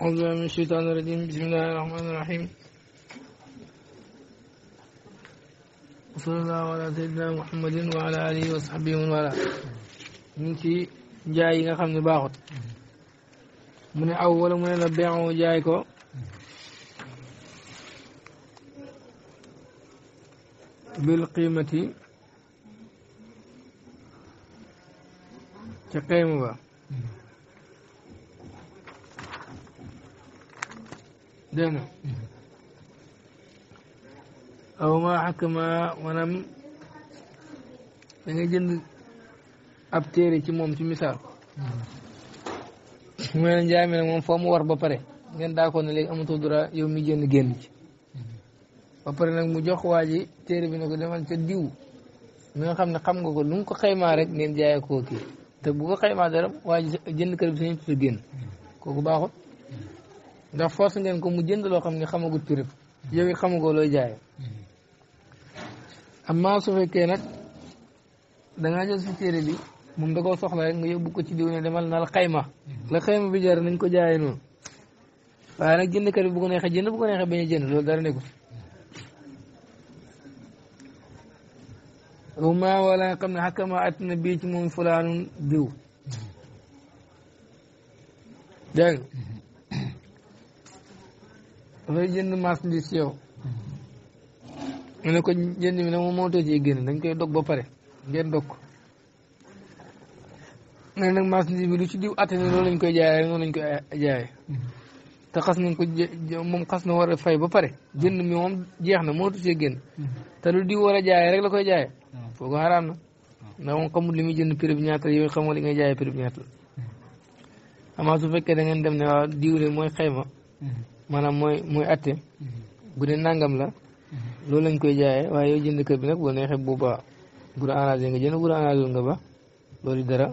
أعوذ بالله من الشيطان الرجيم بسم الله الرحمن الرحيم وصلى الله على سيدنا محمد وعلى آله وصحبه ومن والاه ñu ngi ci jaay yi nga xam ne baaxut mu ne aw wala mu la beexoo jaay ko bil qiimati ca xayma ba dégg nga aw ma xakama maanaam jënd ab téere ci moom ci misaal mu ne jaay mi nag moom foo mu war ba pare ngeen daakoo ne léegi amatul dara yow mi génn génn ci ba pare nag mu jox waa ji téere bi ne ko demal ca diw mi nga xam ne xam nga ko lu mu ko xaymaa rek ngeen jaayee koo kii te bu ko xaymaa dara waa ji jënd kër bi sañu tuta génn kooku baaxut ndax force ngeen ko mu jënd loo xam ne xamagut prix yow it xamagoo looy jaayee amma su fekkee nag dangaa jël si téere bi moom nga ko soxla rek nga yóbbu ko ci diw ne demal na la xayma la bi jar nañ ko jaayee noonu waaye nag jëndkat bi bu ko neexee jënd bu ko neexee bañ jënd loolu dara nekkul ruma wala nga xam ne xakkama at na bii ci moom fulaanun diw dégg looy jënd marchandise ci yow mu ne ko jënd mi nag moom moo too ci génn dañ koy dog ba pare ngeen dog ko ne nag marchandise bi lu ci diw atte ne lañ koy jaayee noonu lañ koy jaayee te xas nañ ko moom xas na war a fay ba pare jënd mi moom jeex na moo too ci génn te lu diw war a jaaye rek la koy jaayee foogu xaraam na ndax moom xamul li muy jënd prix bi ñaata yooyu xamoo li ngay jaayee prix bi ñaata la amaa su fekkee da ngeen dem ne waaw diw mooy xayma maanaam a mooy atte bu dee nangam la loolu lañ koy jaayee waaye yow jënd kër bi nag boo neexee boobaa bu la arrangé nga jënd bu la nga ba loolu dara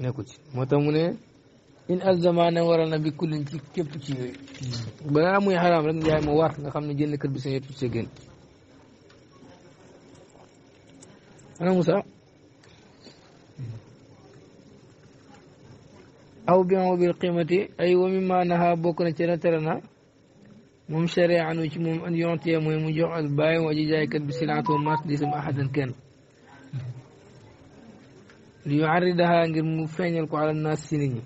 nekku ci moo tax mu ne in alzamane waral na bi kullin ci képp ci yooyu balaa muy xaraam rek njaay ma war nga xam ne jënd kër bi seen yëpp ci génn ana Moussa aw bi bil qimati ay wa mimma naha bokk na ci tere na موم شريعة نوش موم أن يعطي موي موجع الباي وجي جاي كد بسلعة وماس ديسم أحدا كان ليعرضها غير مفين يلقو على الناس سنين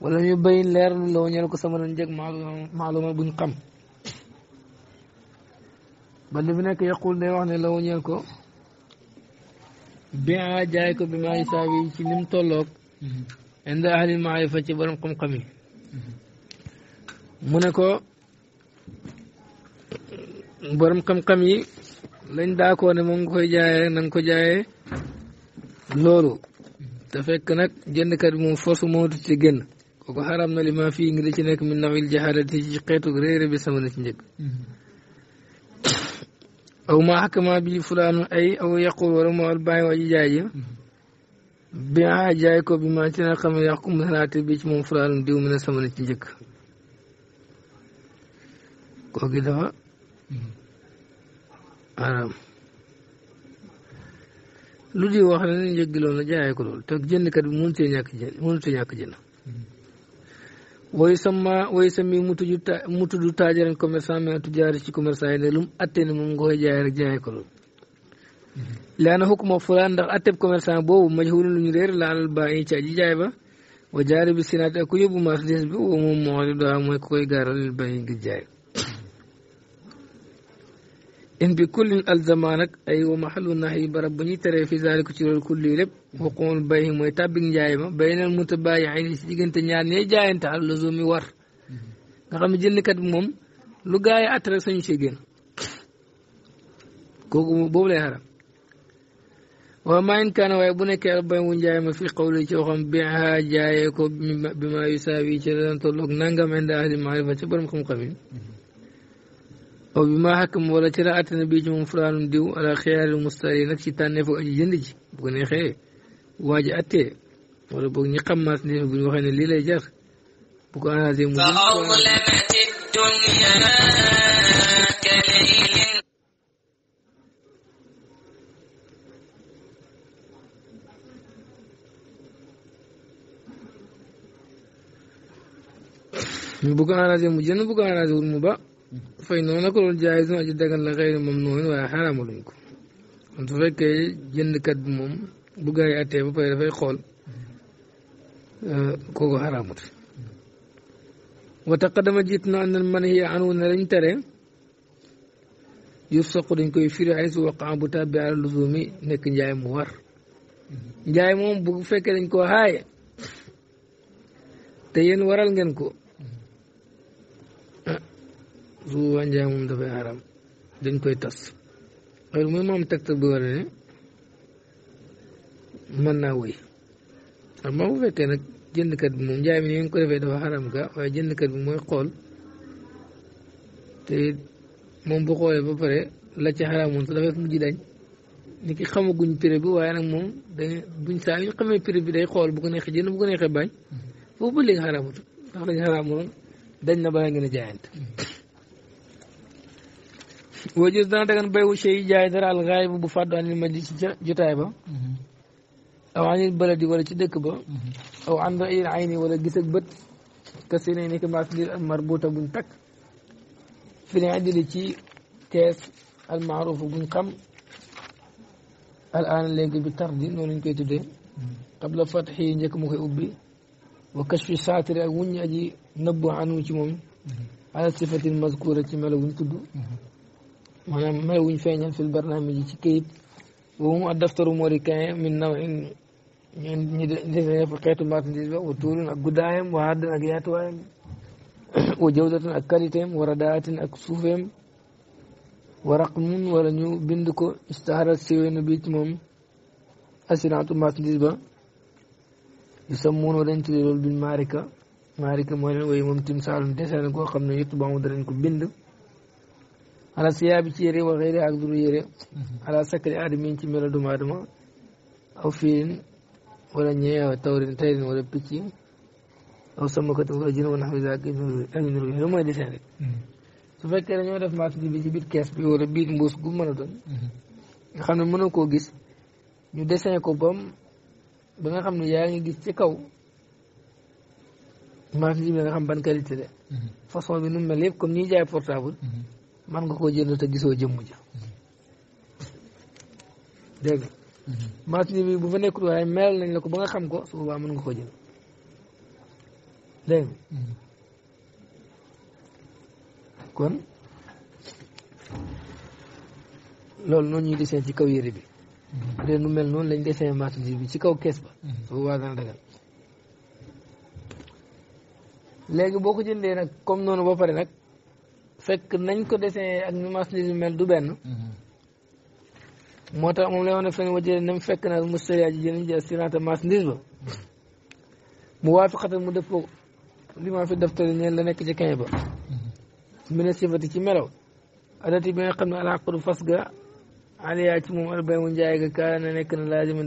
ولا يبين لير لو نيلكو سمر نجك معلومة بن قم بل بنك يقول ني واخني لو نيلكو بيع جايكو بما يساوي شي نم عند أهل المعرفة تبرم قم قمي mu ne ko borom xam-xam yi lañ daakoo ne moom nga koy jaayee na nga ko jaayee loolu te fekk nag jëndkat bi moom force mootu ci génn kooku xaram na li ma fii ngi da ci nekk min nawil jahalati ci xeetu réere bi sama na ci njëkk mm-hmm. aw ma xakama bi fulaanu ay aw yaqul wala mu war bàyyi waa ji a ji mm-hmm. bi jaay ko bi ma ci na xam ne yàqu mu bi ci moom fulaanu diw mi ne sama na ci njëkk koo gi dafa lu di wax ne nañ jéggi loolu jaayee ko loolu te jëndkat bi mënutee ñàkk jënd mënutee jënd woy sama woy sami mu tudd ta mu tudd ci commerçant yi ne lu mu nga koy jaayee ko loolu laana xukuma fulaan ndax atteb commerçant boobu majhulun lu ñu réer laal ba yi ci aji jaay ba wa jaari bi sinaat ak ku yóbbu marchandise bi woo moom moo xam ne daa mooy ku koy gaaral ba yi ngir jaay إن بكل الزمانك أي أيوة ومحل النهي بربني ترى في ذلك تقول كل لب وقول بيه ميتابين جايما بين المتبايعين سيجن تنيان نجاين تعال لزومي وار كم جن كد مم لقاي أترسني سيجن كوكو بولا هرم وما إن كان ويبونك يا ربي من في قوله شوخم بيعها جايكو بما يساوي شرطان تلوك ننقم عند أهل المعرفة شبر قبيل aw bi maa xakam wala ci la àttana bii ci moom fulaanum diw ala xiyaaril mustari nag ci tànneefu aji jënd ji bu ko neexee ji attee wala boog ñi xam maas ne bu ñu ne lii lay jar bu ko arrangé mu bu ko arrangé mu jënd ba fay noonu la ko loolu jaay suma ji dagan la xëy moom noonu waaye xaaraamaluñ ko kon su fekkee jëndkat bi moom bu gars yi attee ba pare dafay xool euh, kooku xaraamut wa taqaddama jiit na anal manhiya anhu ne lañ tere yuf soq dañ koy firi ay su waqan bu tàbbi ala luzumi nekk njaay mu war njaay moom bu fekkee dañ koo xaaye te yéen waral ngeen ko bu wàññee moom dafay xaram dañ koy tas loolu mooy moom tegtal bi war ne mën naa wëy waaye moom fekkee nag jëndkat bi moom njaay mi ni ngeen ko defee dafa xaram ka waaye jëndkat bi mooy xool te moom bu xoolee ba pare la ci xaramoon sax dafay mujj dañ ni ki xamaguñ prix bi waaye nag moom dañ buñ saa yu xamee prix bi day xool bu ko neexee jënd bu ko neexee bañ mm-hmm. foofu ba léegi xaramut ndax dañ xaramoon dañ na balaa ngeen a boo gis dana dagan béy wu yi jaay dara al gaayib bu fàddu anil ma di ci ca jotaay ba. Mm-hmm. aw anil baladi wala ci dëkk ba. Mm-hmm. aw an ra'yil ayni wala gis ak bët. te si ne ni al marbuuta buñ takk. fi ne àddili ci tees al maaruf buñ xam. al aan léegi bi tardi noonu lañ koy tuddee. Mm-hmm. qabla fatxi njëkk mu koy ubbi. wa kashfi saatiri ak wuñ aji nëbbu anu ci moom. ala sifatin mazkura ci melo buñ tudd. maanaam may wuñ feeñal fil barnaamij yi ci këyit boobu mu addaftaru moo di kaye min naw in ñu deseene fa xeetu marchandise ba wa tuulun ak guddaayam wa haddan ak yaatuwaayam wa jawdatan ak qualitéem wa radaatin ak suufeem wa raqmun wala ñu bind ko istaarat siwee na bi ci moom assiratu marchandise ba yu sammuunoo dañ tuddee loolu bil maarika maarika mooy leen woyu moom timsaalum deseen koo xam ne yëttu ba mu danañ ko bind ala siyaa bi ci yére wa xëyri ak duru yére ala sakkali aadami ci melo doomu aadama aw fiin wala ñeew tawrin tayrin wala picc aw samakatin wala jën wala xawisa ak amin ruy loolu mooy rek su fekkee dañoo def marchandise bi ci biir bi wala biir mbuus gu a doon nga xam ne mënoo koo gis ñu dessin ko bam ba nga xam ne yaa ngi gis ci kaw marchandise bi nga xam ban qualité mhm. façon bi nu mu mel yëpp jaay portable mhm. man nga koo jënd te gisoo jëmm ja dégg nga mm-hmm. marché bi bu fa nekkul waaye mel nañ la ko ba nga xam ko su boobaa mën nga koo jënd dégg nga mm-hmm. kon loolu noonu ñuy dessin ci kaw yére bi mm-hmm. bu dee mel noonu lañ dessin marchandise bi ci kaw kees ba su boobaa dana dagal léegi boo ko jëndee nag kom noonu ba pare nag fekk nañ ko dessin ak ni maslis bi mel du benn moo tax moom lay wane fen wajële nam fekk na mustariya ji jëniñ ji assurance maslis ba mu waafiqatan mu dëppoo li ma fi daftari ñeen la nekk ci kañ ba mine sifati ci melaw adati bi nga xam ne alaqdu fas ga aliyaa ci moom albay na nekk xam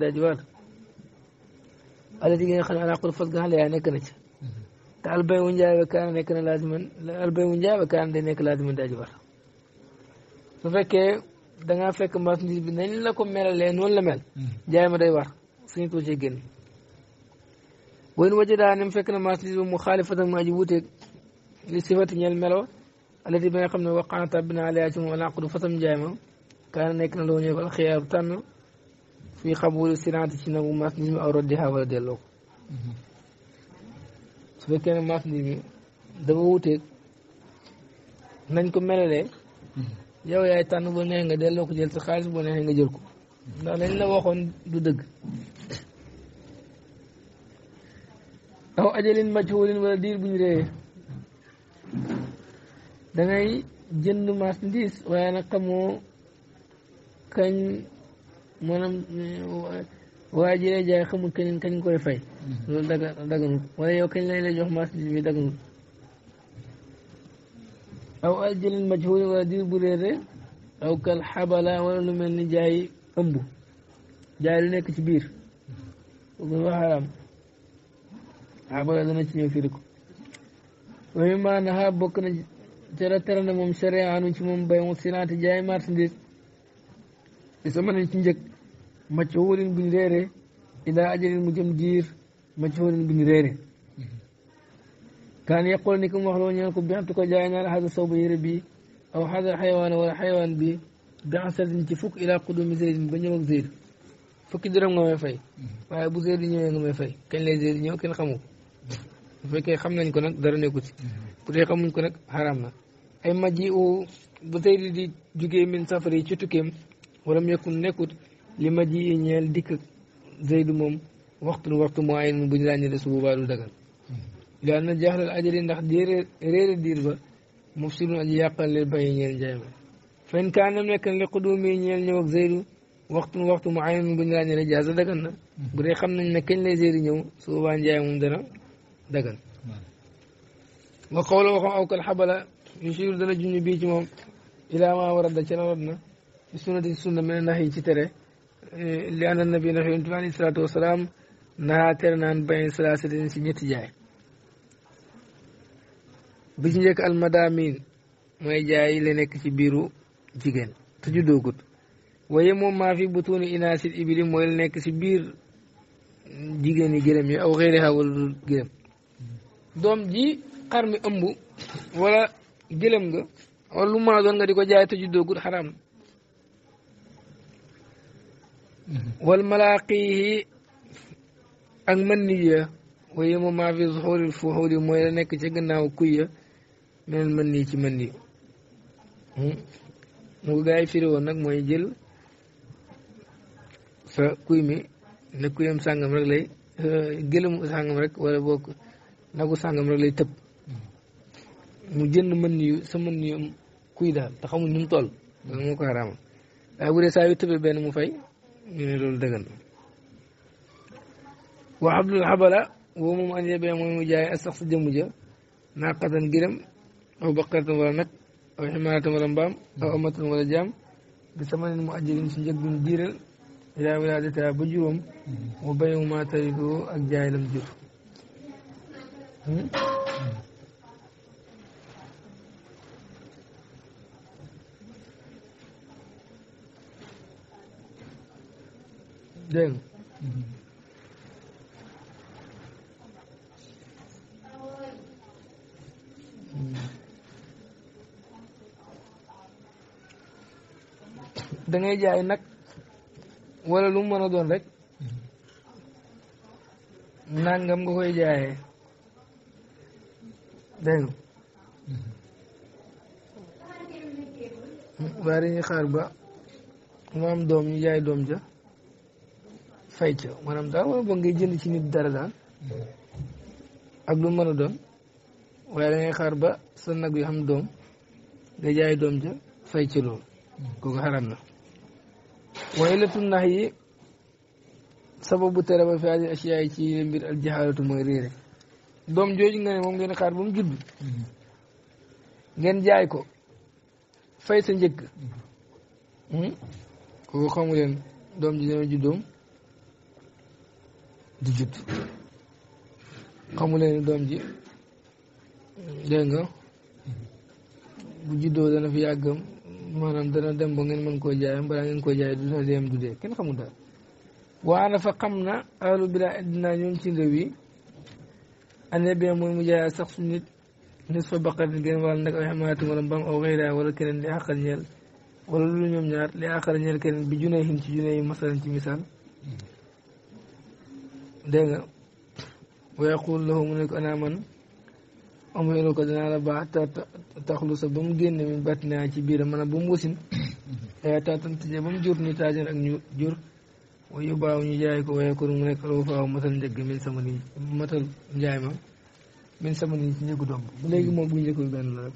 ne fas ga aliyaa nekk na ci te albay wu njaay ba kaana nekk na laaziman albay wu njaay ba kaana day nekk laaziman di aji su bi nañ la ko melalee noonu la mel hmm. jaay ma day war suñu ko cee génn woyn waje daa nem fekk na marchandise bi mu xaalifatan mu aji wuuteeg li sifati ñeel melo alati bi nga xam ne waqaana tàbbi na alaya ci moom alaqdu fasam njaay ma kaana nekk na loo ñëw ko alxiyaaru tànn fii xabuli sirante ci nagu marchandise bi aw roddiha wala delloo ko hmm. su fekkee ne marchandise dafa wuteeg nañ ko melalee hmm. yow yaay tànn bu neexee nga delloo ko jël sa xaalis bu neexee nga jël ko ndax lañ la waxoon du dëgg aw ajalin majhuulin wala diir bu ñu réyee da ngay jënd marchandise waaye nag xamoo kañ maanaam eh, waa ji jaay xamul keneen kañ koy fay loolu daga wala yow kañ lañ la jox maas bi daganut aw ajalil majhul wala diir bu réere aw kal xabala wala lu mel ni jaay ëmb lu nekk ci biir kooku dafa xaraam xabala dana ci ñëw firi ko waaye bokk na ca tere na moom sariyaanu ci moom bay mu sinaati jaay marchandise bi sama nañ ci njëkk majhulin buñ réere ilaa ajalin mu jëm diir majnuun bi ñu réere kaan yaqul ni ko mu wax loo ñeen ko biantu ko jaay naa la xadal sawba yére bii aw xadal xayawaan wala xayawaan bii biansatin ci fukk ilaa qudumi zeydin ba ñëw ak zeyd fukki dërëm nga fay waaye bu zeyd ñëwee nga may fay kañ lay zeyd ñëw kenn xamu bu xam nañ ko nag dara nekku ci bu dee xamuñ ko nag xaraam na ay maji u bu zeyd di jugee min safari ci tukkeem wala mu nekkut li maji yi ñeel dikk zeyd moom waxtu waxtu mu ay bu ñu ràññee su boobaa du dagal laan na jaaxlal ajali ndax déere réere diir ba mof si lun aji yàqal leen bàyyi ñeen jaay ma fen kaanam nekk li xudumi ñeel waxtu waxtu mu ay bu ñu ràññee jaasa dagan na bu dee xam nañ ne kañ lay zeydu ñëw su boobaa njaay moom dana dagan wa xawla waxam awkal xabala yu siir dana junj bii ci moom ilaa maa war a sunna di sunna mel tere eh, li ànd nabi ndax naraa tere naan bayn salaasa din ci ñetti jaay bi ci njëkk almadamin mooy jaay yi nekk ci biiru jigéen te juddoogut waaye moom maa fi butuuni inaasil ibili mooy nekk ci biir jigéen yi gëlëm yi aw xëyri ha doom ji xar mi ëmb wala gëlëm nga wala lu mën doon nga di ko jaay te juddoogut xaraam mm-hmm. wal malaaqihi ak mën ni ya waaye ma maa fi zuxuril fuxuuri mooy la nekk ca gannaaw kuy ya meneen ci mën nii hmm? mu ko gaa yi firi woon nag mooy jël sa kuy mi ne kuyam sàngam rek lay euh, gëlëmu sàngam rek wala boog nagu sàngam rek lay tëb mu jënd mën niyu sa mën niyu kuy daal te xamul mu toll loolu moo ko xaraamal waaye bu dee saa yu benn mu fay ñu ne loolu dëggan وعبد الحبلة ومم أن يبيع من مجاي أسقس جمجة ناقة جرم أو بقرة ولا نك أو حمارة ولا بام أو أمة ولا جام بثمن مؤجل سنجد من ديرل إلى ولادتها بجرم وبيع ما تريده الجاهل الجر دين dangay ngay jaay nag walla lu mu mën a doon rek nangam nga koy jaayee dégg nga waaye dañuy xaar ba mu am doom ñu jaay doom ja fay ca maanaam daal wala boog ngay jënd ci nit dara daal ak lu mu mën a doon waaye da ngay xaar ba sa nag yu xam doom nga jaay doom ja fay ci loolu kooku xaram na waaye la tunnax yi sababu tere ba fi adi asiyaa yi ci mbir al jaxaalatu mooy réere doom jooju nga ne moom ngeen xaar ba mu judd ngeen jaay ko fay sa njëkk hmm? kooku xamu leen doom ji dana juddoom du judd xamu doom ji dégg nga bu juddoo dana fi yàggam maanaam dana dem ba ngeen mën koo jaay balaa ngeen koo jaay dina dem du dee kenn xamul daal waa fa xam na ahlu bidaa dinaa ñoom ci réew yi année bien mooy mu jaay sax su nit nit fa baqatin genn wàll nag ay xamaatin wala mbaam aw xëyraa wala keneen li àqal ñeel wala lu ñoom ñaar li àqal ñeel keneen bi junee hin ci junee yi masalan ci misaal dégg nga wa yaqul lahu mu man am xëy ko dinaa la baax ta taxlu sa ba mu génne mi bat ci biiram maanaam ba mu wasin eh, ba mu jur ni taajan ak ñu waaye kon mu nekk aloo faaw ma min sama nii ci njëgu domb léegi moom bu njëkk bi benn la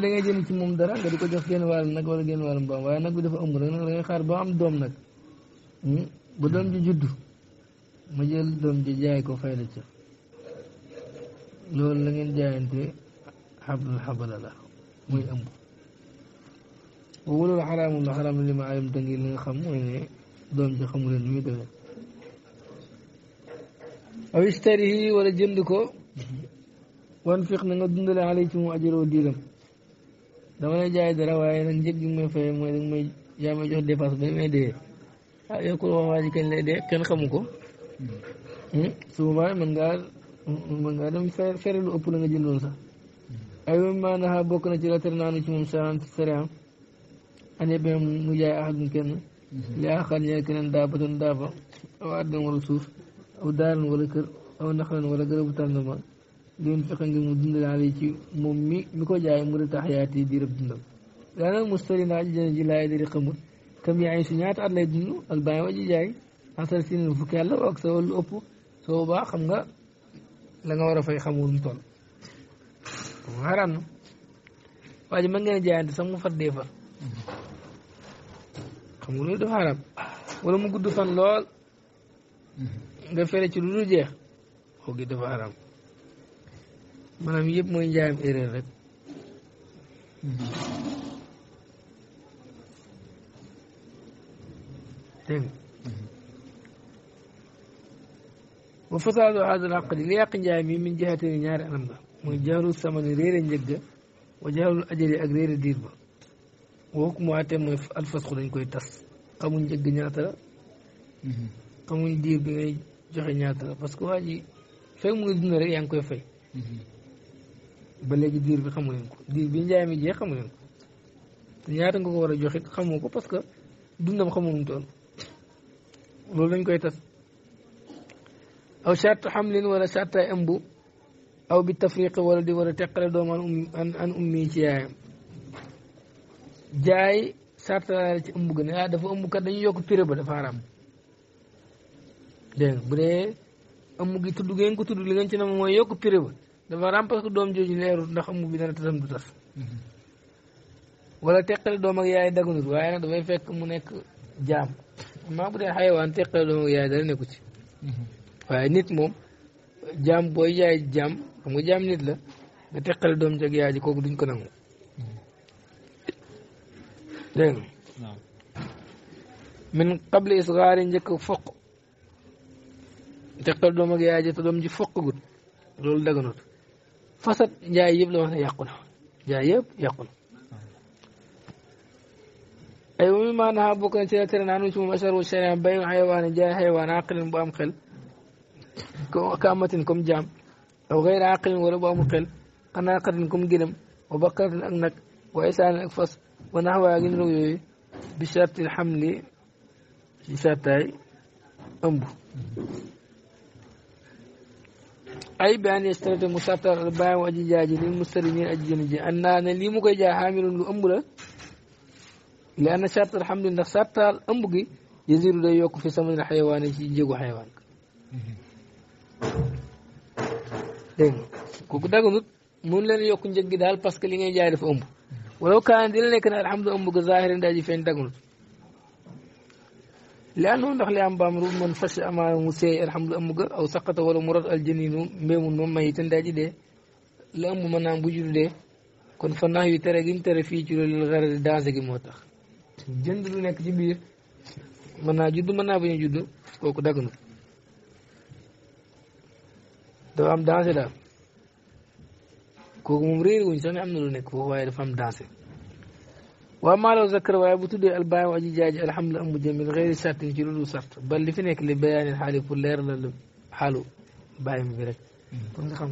da ngay jënd ci moom dara nga di ko jox genn wàll nag wala genn wàll mbaam waaye nag bi dafa ëmb nag nag da xaar ba am doom nag hmm? bu doom ji juddu ma jël doom ji jaay ko fay la ca loolu la ngeen jaayante xablul xabala la muy ëmb boobu loolu la xaraam li ma alim te ngir li xam mooy ne doom ji xamu leen nu muy demee aw istarihi wala jënd ko na nga dundale xale ajaroo diiram dama lay jaay dara waaye nag njëg gi may fay jox dépasse ba may dee ah yokkul wax waa ji kañ dee kenn xamu ko hmm? su boobaa mën ngaa mën ngaa dem fere fere lu ëpp la nga jëndoon sax mm. ay wam maanaha bokk na ci la tere naanu ci moom saant sariam ane bi mu jaay a kenn mm-hmm. li axar ñeel keneen daabatoon daaba aw kër aw naxalan wala gërëbu tàndama doon fexe ngir mu dundal ali ci moom mi mi ko jaay mu de tax yaati di rëb dundam daana mustari naa ji jëne ji laay dari xamul kam yaay si ñaata at lay dund ak wa ji jaay asal si ne fukki at la ak sa wàllu ëpp soo baax xam nga la war a fay xamul mu toll moom xaraam na waa ji mën ngeen jaayante sax mu far dee far xam nga loolu dafa xaraam wala mu gudd fan lool nga fere ci lu dul jeex xoo gi dafa xaraam maanaam yëpp mooy njaayam erreur rek wa fasaadu haadal aqdi li yàq njaay mi min jihatayni ñaari anam mooy jahalu samani réere njëgg wa jahalul ajali ak réere diir ba wooku mu àttee mooy alfasxu dañ koy tas xamuñ njëgg ñaata la mhm. diir bi ngay joxe ñaata la parce que waa ji fekk mu ngi dund rek yaa ngi koy fay mhm. ba léegi diir bi xamuñ ko diir bi njaay mi jee xamu leen ko te ñaata nga ko war a joxe xamoo ko parce que dundam xamu nu mu loolu dañ koy tas aw charte xamlin wala charte ay ëmb aw bi tafriqi wala di war a teqale doom an um ummi ci yaayam jaay charte laa ci ëmb gën ah, dafa ëmb kat dañuy yokk pire ba dafa araam dégg bu dee ëmb gi tudd ngeen ko tudd li ngeen ci ne mooy yokk pire ba dafa araam parce doom jooju leeru ndax ëmb bi ta tasam du tas wala teqale doom ak yaay daganut waaye nag dafay fekk mu nekk jaam maa bu dee xayawaan teqale doom ak yaay nekku ci waaye nit moom jaam booy yaay jaam xam nga jaam nit la nga teqale doom jag yaay ji kooku duñ ko nangu dégg nga min qable isgaari njëkk foq teqale doom ak yaay ji te doom ji foq gut loolu daganut fasat njaay yëpp la wax ne yàqu na njaay yëpp yàqu na ay wumi maanaam bokk na ci la tere naanu ci moom asharu sharia bay xayawaan njaay xayawaan aqilin bu am xel comme kaamatin comme jaam aw xeyra aqilin wala bu amul xel xanaaqatin comme wa baqaratin ak nag wa isaanin ak fas wa naxwaa gi niroog yooyu bi shartil xamli ci sartaay ëmb ay bayaan yestarate mu sartal al bayan wa aji lil mustarimin aji ji an naa ne lii mu lu ëmb la li anna sartal xamli ndax sartaal ëmb gi yasiru day fi sama xayawaan ci jégu xayawaan dégg nga kooku daganut mun leen yokk njëg gi daal parce que li ngay jaay dafa ëmb walaw kaan dina nekk ne alhamdu ëmb ga zahirin daa daganut li àndoon ndax li am baam ru man fas amaana mu seey alhamdu ëmb aw saqata wala mu rot aljaninu mbéemun moom may itam daa ji dee la ëmb mën naam bu jur dee kon fa nax yu tere giñ tere fii ci loolu di dansé gi moo tax jënd lu nekk ci biir mën naa judd mën naa bañ a kooku daganut dafa am dansé daal kooku moom réer wuñ sax ne am na lu nekk foofu waaye dafa am dansé waaw maalaw zakkar waaye bu tuddee albaay aji jaaji alhamdulilah amu jëmil xëyri sartin ci loolu sart ba li fi nekk li bayaanil xaali pour leer la la xaalu bàyyim bi rek nga xam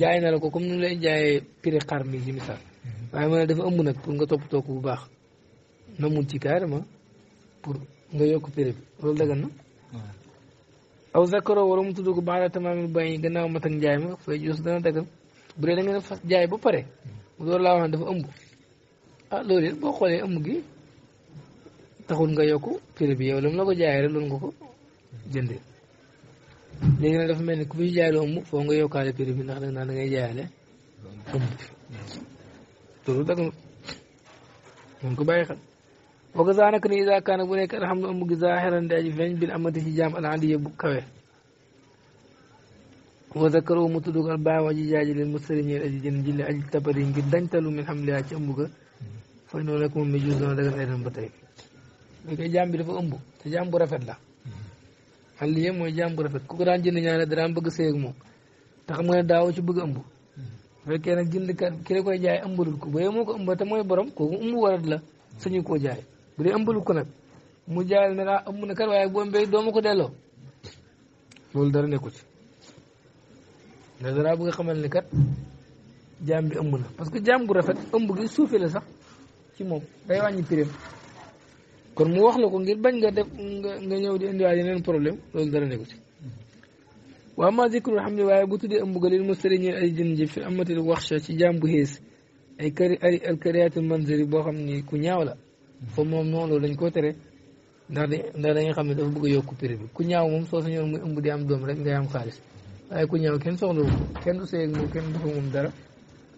jaay na la ko comme ni lay jaayee prix xar mi ci misaal waaye ma ne dafa ëmb nag pour nga toppatoo ko bu baax namul ci carrément pour nga yokk prix bi loolu na aw zakaro wala mu tudd ko baax na tamaamin bàyyi gannaaw mat ak njaay ma fay juus dana dagal bu dee da jaay ba pare mu door laa wax dafa ëmb ah loolu boo xoolee ëmb gi taxul nga yokk prix bi yow la mu la ko jaayee rek loolu nga ko jëndee léegi nag dafa mel ni ku muy jaay lu ëmb foo nga yokkaale prix bi ndax da ngay jaayaale ëmb bi loolu dagal moom ko bàyyi wa gaza nak ni kaana bu nekk alhamdu am gi zahiran di aji feeñ bil amati ci bu kawe wa zakaru mu tudd al baax aji jaaji leen mustari ñeel aji jën jille aji tabari ngir dañtalu min xam liyaa ci ëmb ga fay noonu rek moom koy jaam bi dafa ëmb te rafet la aliya mooy jaam bu rafet ku ko daan jënd ñaane daraan bëgg sëy ak moom te xam nga ne daaw ci bëgg ëmb fekkee nag jënd kat ki la koy jaay ëmbalul ko bu moo ko ëmb te mooy borom kooku ëmb warat la suñu koo jaay bu dee ëmbalu ko nag mu jaayal ne laa ëmb na kat waaye boo mbéy doo ma ko delloo loolu dara nekku ci ndax dara bëgg a xamal ni kat jaam bi ëmb na parce que jaam gu rafet ëmb gi suufi la sax ci moom day wàññi pirim kon mu wax la ko ngir bañ nga def nga ñëw di indiwaat yeneen problème loolu dara nekku ci waa ma zikrul xam ne waaye bu tuddee ëmb ga lil mustari ñeen ay jën ji fi amatil waxsha ci jaam bu xees ay kari ari alkariatul manzari boo xam ni ku ñaaw la foofu moom noonu loolu dañ koo tere ndax de ndax xam ne dafa bugg a yokk prix bi ku ñaaw moom soo sañoon muy ëmb di am doom rek ngay am xaalis waaye ku ñaaw kenn soxla kenn du seeg moom kenn dafa moom dara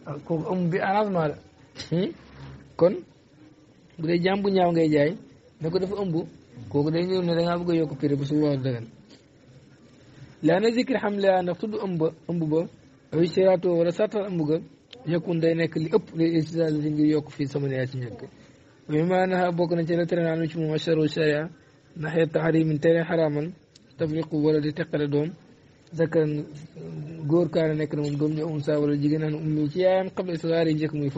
ah, kooku ëmb bi arrangement la hmm? kon bu dee bu ñaaw ngay jaay ne ko dafa ëmb kooku day ñëw ne da ngaa bëgg a yokk prix bi su loolu dagan xam laa ndax tudd ëmb ba ba ay siraatoo wala sartal day nekk li ëpp li si ngir yokk fii sama yaay si ñàkk ma naha bokk na ci la tere naan ci moom asharu sharia naxee taxarimin tere xaraamal tafriqu wala di teqale doom zakkaran góor kaana nekk na moom doom ñu unsa wala jigéen an ummi ci yaayam qabla saari njëkk muy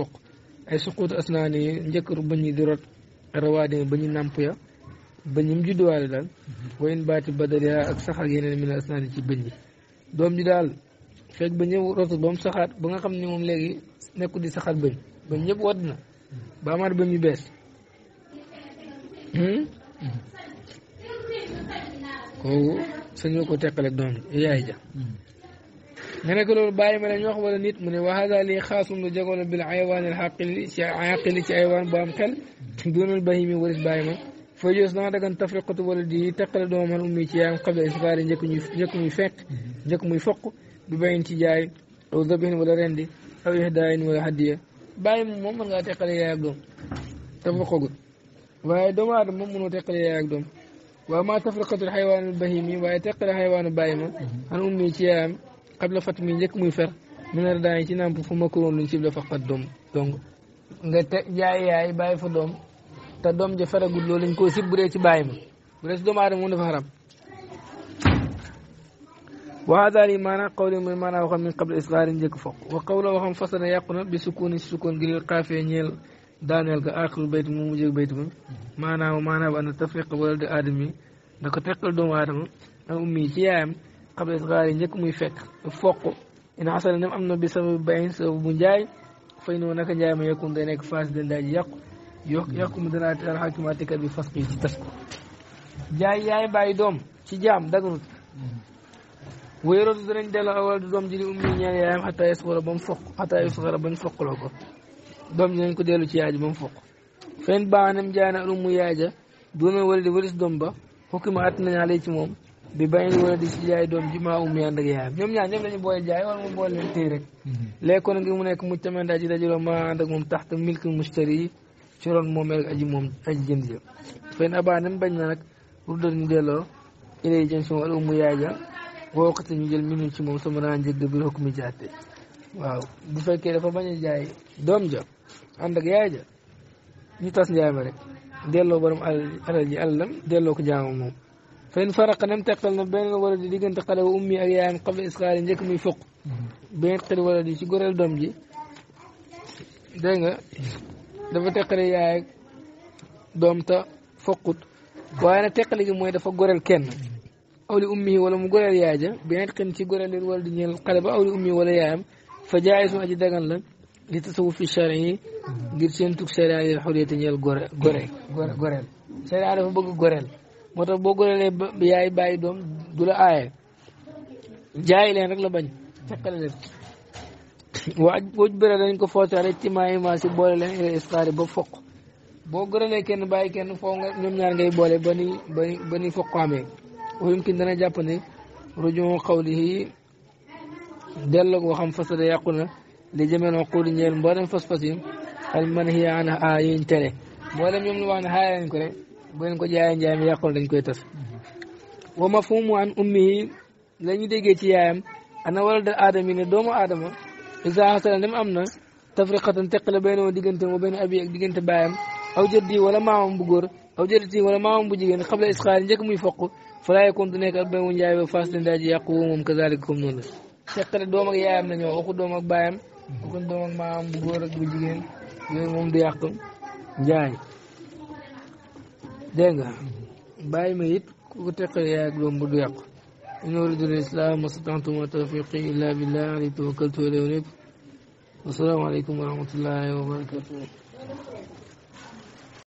bañ di rot rawaadin ba ñu nàmp ya ba ñu judduwaale daal wa in baati badaliha ak sax ci bëñ yi doom ji daal fekk ba ñëw rotu ba ba nga xam ne moom léegi nekkul di saxaat bëñ ba ñëpp na bëñ yu bees Hmm? kooku sañoo ko teqale doom yaay ja nga ne ko loolu bàyyi ma lañ wax wala nit ne wa hada lii xaasum lu jagoon bil xayawaan al xaqili ci xaqili ci xayawaan bu am xel doonal bahimi waris wala di teqale doomam xan ummi ci yaayam xable isfaari njëkk muy njëkk muy fekk njëkk foq bi bayin ci jaay aw dabihin wala rendi aw ihdaayin wala hadiya bàyyi moom mën ngaa teqale yaay ak doom tafriqagut waaye doomu aadama moom mënoo teqale yaay ak doom waaw maa tafriqatul xayawaanu bahimi waaye teqale xayawaanu bàyyi ma xan ummi ci yaayam xabla fat mi njëkk muy fer minar daañi ci nàmp fu makoroon luñ sib la faqat doom dong nga te jaay yaay bàyyi fa doom te doom ja feragul loolu lañ koo sib bu dee ci bàyyi ma bu dee si doomu aadama moom dafa xaram وهذا لي معنى قول من معنى وخم من قبل إصغار جك فوق وقول وخم فصل يقنا بسكون السكون غير القافية نيل daaneel ga aaxiru bayt mu mujjee bayt ba maanaam maanaam ana tafriq wala di aadami da ko teqal doomu aadama ak muy fekk foq ina am na bi sama bayin sababu bu njaay fay noo naka njaay ma yekkun day nekk faas den daa ji yàqu yo yàqu mu danaa alxakima tekat bi fas kii ci tas ko jaay yaay bàyyi doom ci jaam daganut wéerootu danañ delloo awal du doom ji di ummi ñeel yaayam xataa yasxara ba mu foq xataa yasxara bañ foqloo ko doom ñi nañ ko dellu ci yaay ji ba mu foq fen baanam jaana umu yaay ja bu amee wala di waris doom ba xukkuma at nañ xale ci moom bi bàyyi wala di si doom ji ma umu ànd ak yaayam ñoom ñaar ñoom lañu boole jaay wala mu mm-hmm. mu nekk mu tamit aji dajuloo maa ànd ak moom taxte milk mustari yi ci roon moom rek aji moom aji jënd jë fen abaanam bañ na nag ruddal ñu delloo ilay jëm si wala umu yaay ja boo waxati ñu jël minum ci moom sama naa njëg bi xukk mi jaate waaw bu fekkee dafa bañ a jaay doom ja ànd ak yaay ñu tas njaay ma rek delloo borom alal ji alalam delloo ko jaamu moom fa in faraqa nam teqal na benn wala di diggante xale wa ummi ak yaayam qabla isxaali njëkk muy foq mm-hmm. benn xel wala di ci goreel doom ji nga dafa teqale yaay ak doom ta foqut waaye nag teqale gi mooy dafa goreel kenn mm-hmm. aw wala mu goreel yaay ja benn xel ci goreel wala di ñeel xale ba aw li ummi wala yaayam fa jaayisu aji dagan la li tasawuf fi shari ngir seen tug séeréer yi xuriyate ñeel gore gore goreel séeréer dafa bëgg goreel moo tax boo goreelee yaay bàyyi doom du la aaye jaay leen rek la bañ teqale leen waaj wój bëre dañ ko foote rek ci maa ma si boole leen ila isqaari ba foq boo goreelee kenn bàyyi kenn foo nga ñoom ñaar ngay boole ba ni ba ni ba ni foq amee wayum kin dana jàpp ne rujon xawlihi delloo waxam fasada yàqu na li jëmeen waquudi ñeel mboolem fas fas yi al manhiya an a yuñ tere mboolem ñoom lu wax ne xaaya lañ ko rek ko jaayee njaay mi yàqul dañ koy tas wa mafhumu an ummihi la ñu déggee ci yaayam ana walad aadama yi ne doomu aadama isa hasala dem am na tafriqatan teqale bayna wa diggante wa bayna abi ak diggante baayam aw jëddi wala maamam bu góor aw jëddi wala maamam bu jigéen xabla isxaar njëkk muy foq falaa yakun du nekk ak bay mu njaay ba faas dindaa ji yàqu moom kazalik comme noonu la teqale doom ak yaayam la ñoo waxu doom ak baayam waxuñ doom ak maamam bu góor ak bu jigéen yooyu moom du yàq njaay dégg nga bàyyi ma it ku ko teqale yaay ak doom ba du yàqu in uridu al-islaam mastata'tu ma tawfiqi illa billah alayhi tawakkaltu wa ilayhi unib wa salaamu alaykum wa rahmatullahi wa barakatuh